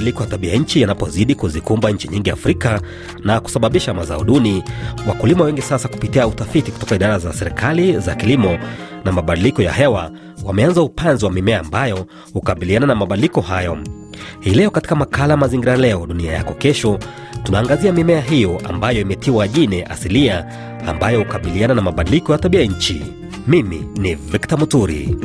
mabadiliko ya tabia nchi yanapozidi kuzikumba nchi nyingi Afrika na kusababisha mazao duni, wakulima wengi sasa, kupitia utafiti kutoka idara za serikali za kilimo na mabadiliko ya hewa, wameanza upanzi wa mimea ambayo hukabiliana na mabadiliko hayo. Hii leo katika makala Mazingira Leo Dunia Yako Kesho, tunaangazia mimea hiyo ambayo imetiwa jine asilia ambayo hukabiliana na mabadiliko ya tabia nchi. Mimi ni Victor Muturi.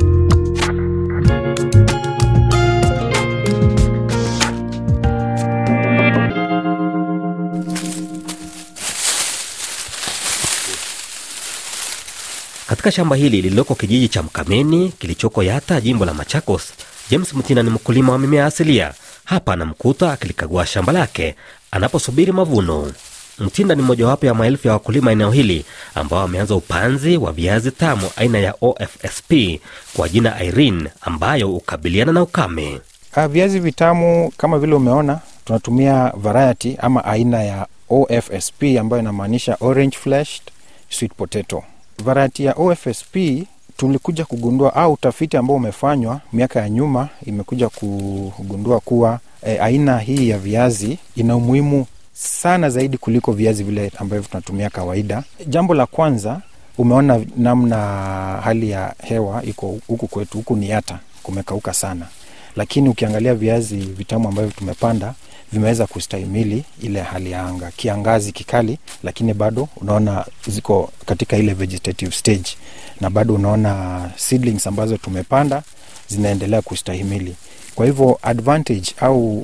Katika shamba hili lililoko kijiji cha Mkameni kilichoko yata jimbo la Machakos, James Mtina ni mkulima wa mimea asilia. Hapa anamkuta akilikagua shamba lake anaposubiri mavuno. Mtinda ni mojawapo ya maelfu ya wakulima eneo hili ambao wameanza upanzi wa viazi tamu aina ya OFSP kwa jina Irene, ambayo hukabiliana na ukame. ha, ah, Viazi vitamu kama vile umeona, tunatumia variety ama aina ya OFSP ambayo inamaanisha orange fleshed sweet potato varati ya OFSP tulikuja kugundua au utafiti ambao umefanywa miaka ya nyuma imekuja kugundua kuwa e, aina hii ya viazi ina umuhimu sana zaidi kuliko viazi vile ambavyo tunatumia kawaida. Jambo la kwanza, umeona namna hali ya hewa iko huku kwetu, huku ni hata kumekauka sana, lakini ukiangalia viazi vitamu ambavyo tumepanda vimeweza kustahimili ile hali ya anga, kiangazi kikali, lakini bado unaona ziko katika ile vegetative stage, na bado unaona seedlings ambazo tumepanda zinaendelea kustahimili. Kwa hivyo advantage au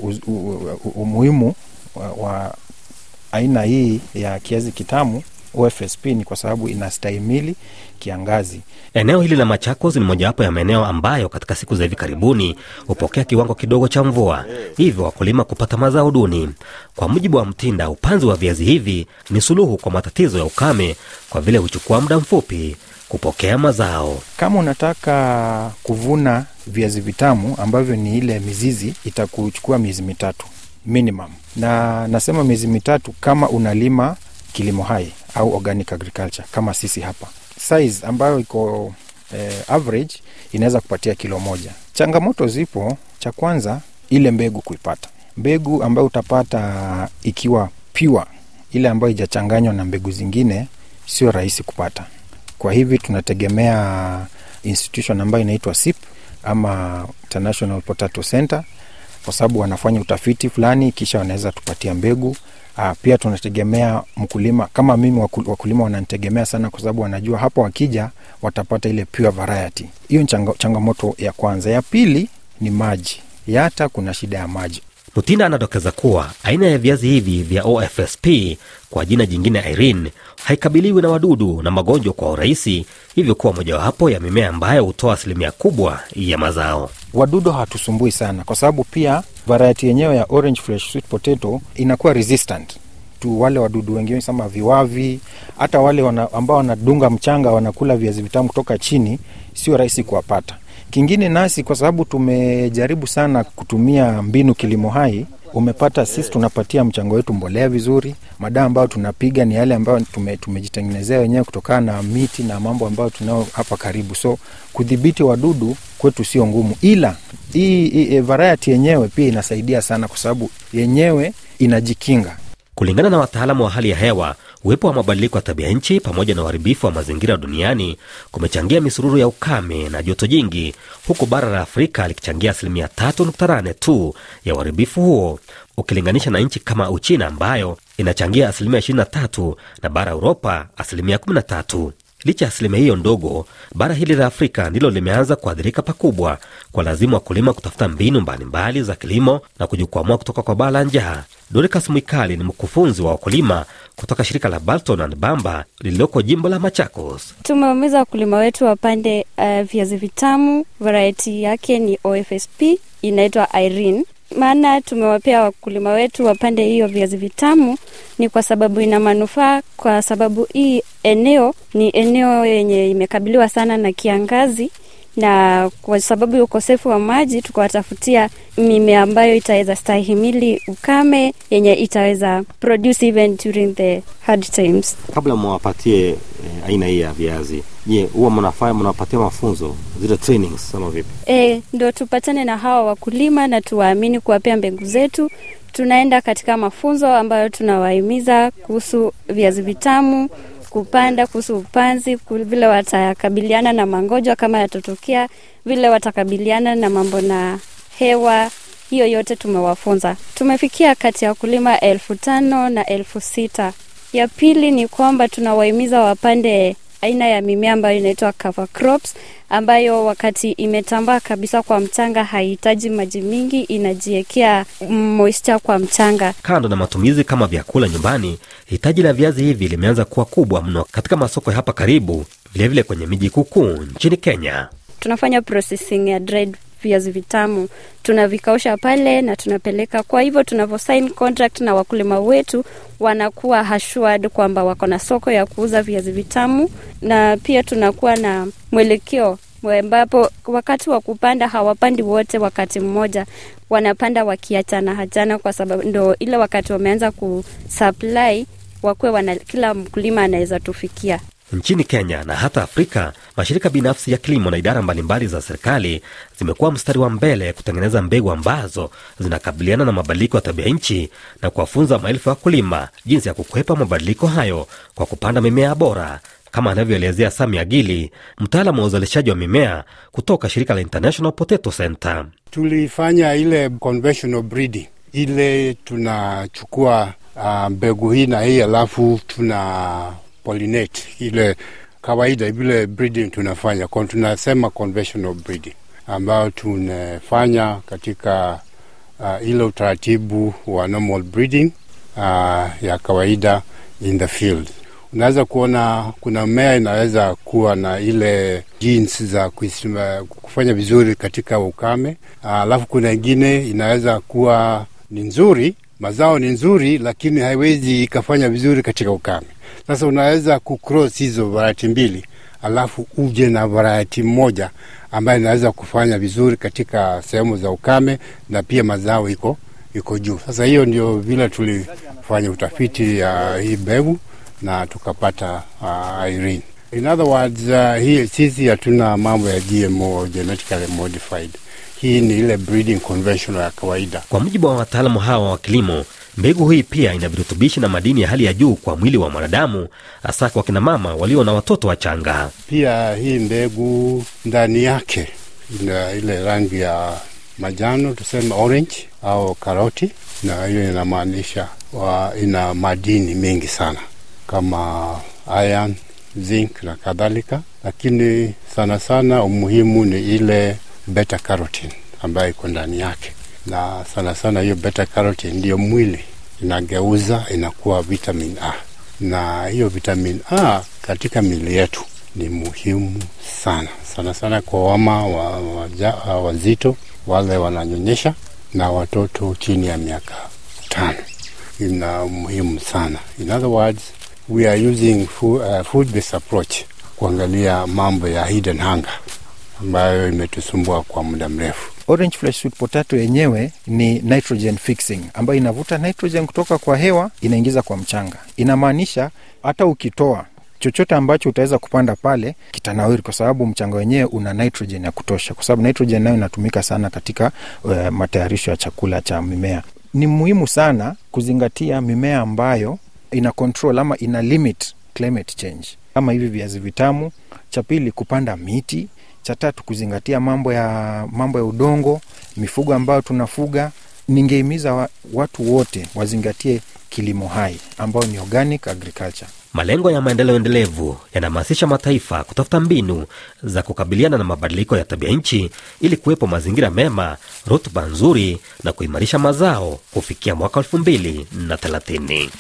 umuhimu wa aina hii ya kiazi kitamu OFSP ni kwa sababu inastahimili kiangazi. Eneo hili la Machakos ni mojawapo ya maeneo ambayo katika siku za hivi karibuni hupokea kiwango kidogo cha mvua, hivyo wakulima kupata mazao duni. Kwa mujibu wa Mtinda, upanzi wa viazi hivi ni suluhu kwa matatizo ya ukame, kwa vile huchukua muda mfupi kupokea mazao. Kama unataka kuvuna viazi vitamu ambavyo ni ile mizizi, itakuchukua miezi mitatu minimum, na nasema miezi mitatu kama unalima kilimo hai au organic agriculture kama sisi hapa. Size ambayo iko eh, average inaweza kupatia kilo moja. Changamoto zipo, cha kwanza ile mbegu kuipata, mbegu ambayo utapata ikiwa pure, ile ambayo ijachanganywa na mbegu zingine sio rahisi kupata. Kwa hivi tunategemea institution ambayo inaitwa SIP ama International Potato Center, kwa sababu wanafanya utafiti fulani, kisha wanaweza tupatia mbegu Uh, pia tunategemea mkulima kama mimi, wakulima wanantegemea sana kwa sababu wanajua hapo wakija watapata ile pure variety. Hiyo changamoto ya kwanza. Ya pili ni maji, Yata kuna shida ya maji. Rutina anadokeza kuwa aina ya viazi hivi vya OFSP kwa jina jingine Irene haikabiliwi na wadudu na magonjwa kwa urahisi, hivyo kuwa mojawapo ya mimea ambayo hutoa asilimia kubwa ya mazao. Wadudu hawatusumbui sana, kwa sababu pia variety yenyewe ya orange fresh sweet potato inakuwa resistant tu wale wadudu wengine sama viwavi, hata wale wana, ambao wanadunga mchanga wanakula viazi vitamu kutoka chini, sio rahisi kuwapata. Kingine nasi kwa sababu tumejaribu sana kutumia mbinu kilimo hai, umepata sisi tunapatia mchango wetu mbolea vizuri. Madawa ambayo tunapiga ni yale ambayo tume, tumejitengenezea wenyewe kutokana na miti na mambo ambayo tunao hapa karibu, so kudhibiti wadudu kwetu sio ngumu, ila hii, hii eh, variety yenyewe pia inasaidia sana, kwa sababu yenyewe inajikinga. Kulingana na wataalamu wa hali ya hewa Uwepo wa mabadiliko ya tabia nchi pamoja na uharibifu wa mazingira duniani kumechangia misururu ya ukame na joto jingi, huku bara la Afrika likichangia asilimia 3.8 tu ya uharibifu huo ukilinganisha na nchi kama Uchina ambayo inachangia asilimia 23 na bara Uropa asilimia 13. Licha ya asilimia hiyo ndogo, bara hili la Afrika ndilo limeanza kuathirika pakubwa, kwa lazima wakulima kutafuta mbinu mbalimbali za kilimo na kujikwamua kutoka kwa baa la njaa. Dorikas Mwikali ni mkufunzi wa wakulima kutoka shirika la Balton and Bamba lililoko jimbo la Machakos. tumeumiza wakulima wetu wapande uh, viazi vitamu, variety yake ni OFSP inaitwa Irene maana tumewapea wakulima wetu wapande hiyo viazi vitamu ni kwa sababu ina manufaa, kwa sababu hii eneo ni eneo yenye imekabiliwa sana na kiangazi, na kwa sababu ya ukosefu wa maji tukawatafutia mimea ambayo itaweza stahimili ukame yenye itaweza produce even during the hard times. Kabla mwawapatie eh, aina hii ya viazi, je, huwa mnafaa mnawapatia mafunzo zile trainings ama vipi? E, ndo tupatane na hawa wakulima na tuwaamini kuwapea mbegu zetu tunaenda katika mafunzo ambayo tunawahimiza kuhusu viazi vitamu kupanda, kuhusu upanzi, vile watakabiliana na magonjwa kama yatotokea vile watakabiliana na mambo na hewa. Hiyo yote tumewafunza. Tumefikia kati ya kulima elfu tano na elfu sita. Ya pili ni kwamba tunawahimiza wapande aina ya mimea ambayo inaitwa cover crops, ambayo wakati imetambaa kabisa kwa mchanga haihitaji maji mingi, inajiekea moisture kwa mchanga. Kando na matumizi kama vyakula nyumbani, Hitaji la viazi hivi limeanza kuwa kubwa mno katika masoko ya hapa karibu, vilevile kwenye miji kukuu nchini Kenya. Tunafanya processing ya dried viazi vitamu, tunavikausha pale na tunapeleka. Kwa hivyo tunavyosign contract na wakulima wetu, wanakuwa hashuad kwamba wako na soko ya kuuza viazi vitamu, na pia tunakuwa na mwelekeo ambapo wakati wa kupanda hawapandi wote wakati mmoja, wanapanda wakiachana hachana, kwa sababu ndo ile wakati wameanza kusupply wakuwe wana, kila mkulima anaweza tufikia. Nchini Kenya na hata Afrika, mashirika binafsi ya kilimo na idara mbalimbali za serikali zimekuwa mstari wa mbele kutengeneza mbegu ambazo zinakabiliana na mabadiliko ya tabia nchi na kuwafunza maelfu ya wakulima jinsi ya kukwepa mabadiliko hayo kwa kupanda mimea bora kama anavyoelezea Sami Agili, mtaalamu wa uzalishaji wa mimea kutoka shirika la International Potato Center. Tulifanya ile conventional breeding, ile tunachukua uh, mbegu hii na hii alafu tuna pollinate ile kawaida vile breeding tunafanya Kon, tunasema conventional breeding ambayo tunafanya katika uh, ile utaratibu wa normal breeding uh, ya kawaida in the field unaweza kuona kuna mmea inaweza kuwa na ile jins za kuisima, kufanya vizuri katika ukame, alafu kuna ingine inaweza kuwa ni nzuri, mazao ni nzuri, lakini haiwezi ikafanya vizuri katika ukame. Sasa unaweza kucross hizo varati mbili, alafu uje na varati moja ambayo inaweza kufanya vizuri katika sehemu za ukame na pia mazao iko iko juu. Sasa hiyo ndio vile tulifanya utafiti ya hii mbegu na tukapata uh, Irene. In other words, uh, hii sisi hatuna mambo ya GMO, genetically modified. Hii ni ile breeding conventional ya kawaida. Kwa mujibu wa wataalamu hawa wa kilimo, mbegu hii pia ina virutubishi na madini ya hali ya juu kwa mwili wa mwanadamu, hasa kwa kina mama walio na watoto wachanga. Pia hii mbegu ndani yake ina ile rangi ya majano, tuseme orange au karoti, na hiyo inamaanisha uh, ina madini mengi sana kama iron, zinc na kadhalika, lakini sana sana umuhimu ni ile beta carotene ambayo iko ndani yake, na sana sana hiyo beta carotene ndiyo mwili inageuza inakuwa vitamin A, na hiyo vitamin A katika mili yetu ni muhimu sana sana sana kwa wama wa, wa wazito wale wananyonyesha na watoto chini ya miaka tano. Ina muhimu sana in other words we are using food, uh, food based approach kuangalia mambo ya hidden hunger ambayo imetusumbua kwa muda mrefu. Orange flesh sweet potato yenyewe ni nitrogen fixing, ambayo inavuta nitrogen kutoka kwa hewa inaingiza kwa mchanga. Inamaanisha hata ukitoa chochote ambacho utaweza kupanda pale kitanawiri, kwa sababu mchanga wenyewe una nitrogen ya kutosha, kwa sababu nitrogen nayo inatumika sana katika uh, matayarisho ya chakula cha mimea. Ni muhimu sana kuzingatia mimea ambayo ina control ama ina limit climate change kama hivi viazi vitamu, cha pili kupanda miti, cha tatu kuzingatia mambo ya, mambo ya udongo, mifugo ambayo tunafuga. Ningehimiza wa, watu wote wazingatie kilimo hai ambayo ni organic agriculture. Malengo ya maendeleo endelevu yanahamasisha mataifa kutafuta mbinu za kukabiliana na mabadiliko ya tabia nchi ili kuwepo mazingira mema, rutuba nzuri na kuimarisha mazao kufikia mwaka elfu na thelathini.